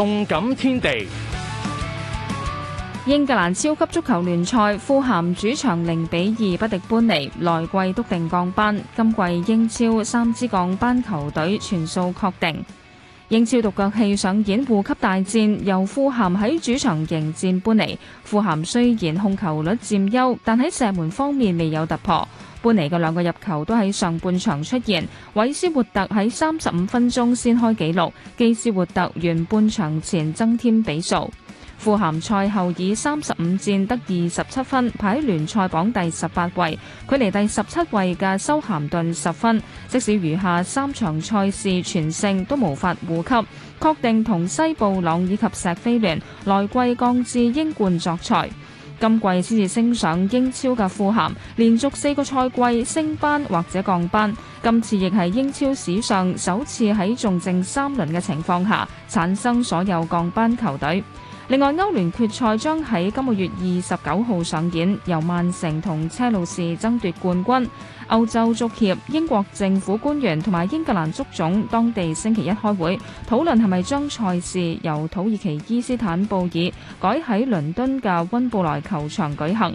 動感天地，英格蘭超級足球聯賽，富咸主場零比二不敵般尼，來季篤定降班，今季英超三支降班球隊全數確定。英超獨腳戲上演護級大戰，由富咸喺主場迎戰般尼。富咸雖然控球率佔優，但喺射門方面未有突破。般尼嘅兩個入球都喺上半場出現，韋斯活特喺三十五分鐘先開紀錄，基斯活特完半場前增添比數。富咸賽後以三十五戰得二十七分排喺聯賽榜第十八位，距離第十七位嘅修咸頓十分，即使餘下三場賽事全勝都無法護級，確定同西布朗以及錫菲聯，來季降至英冠作賽。今季先至升上英超嘅富咸，連續四個賽季升班或者降班，今次亦係英超史上首次在仲剩三輪嘅情況下產生所有降班球隊。另外，歐聯決賽將喺今個月二十九號上演，由曼城同車路士爭奪冠軍。歐洲足協、英國政府官員同埋英格蘭足總當地星期一開會，討論係咪將賽事由土耳其伊斯坦布爾改喺倫敦嘅溫布萊球場舉行。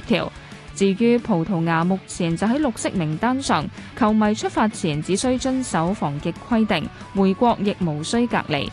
條至於葡萄牙目前就喺綠色名單上，球迷出發前只需遵守防疫規定，回國亦無需隔離。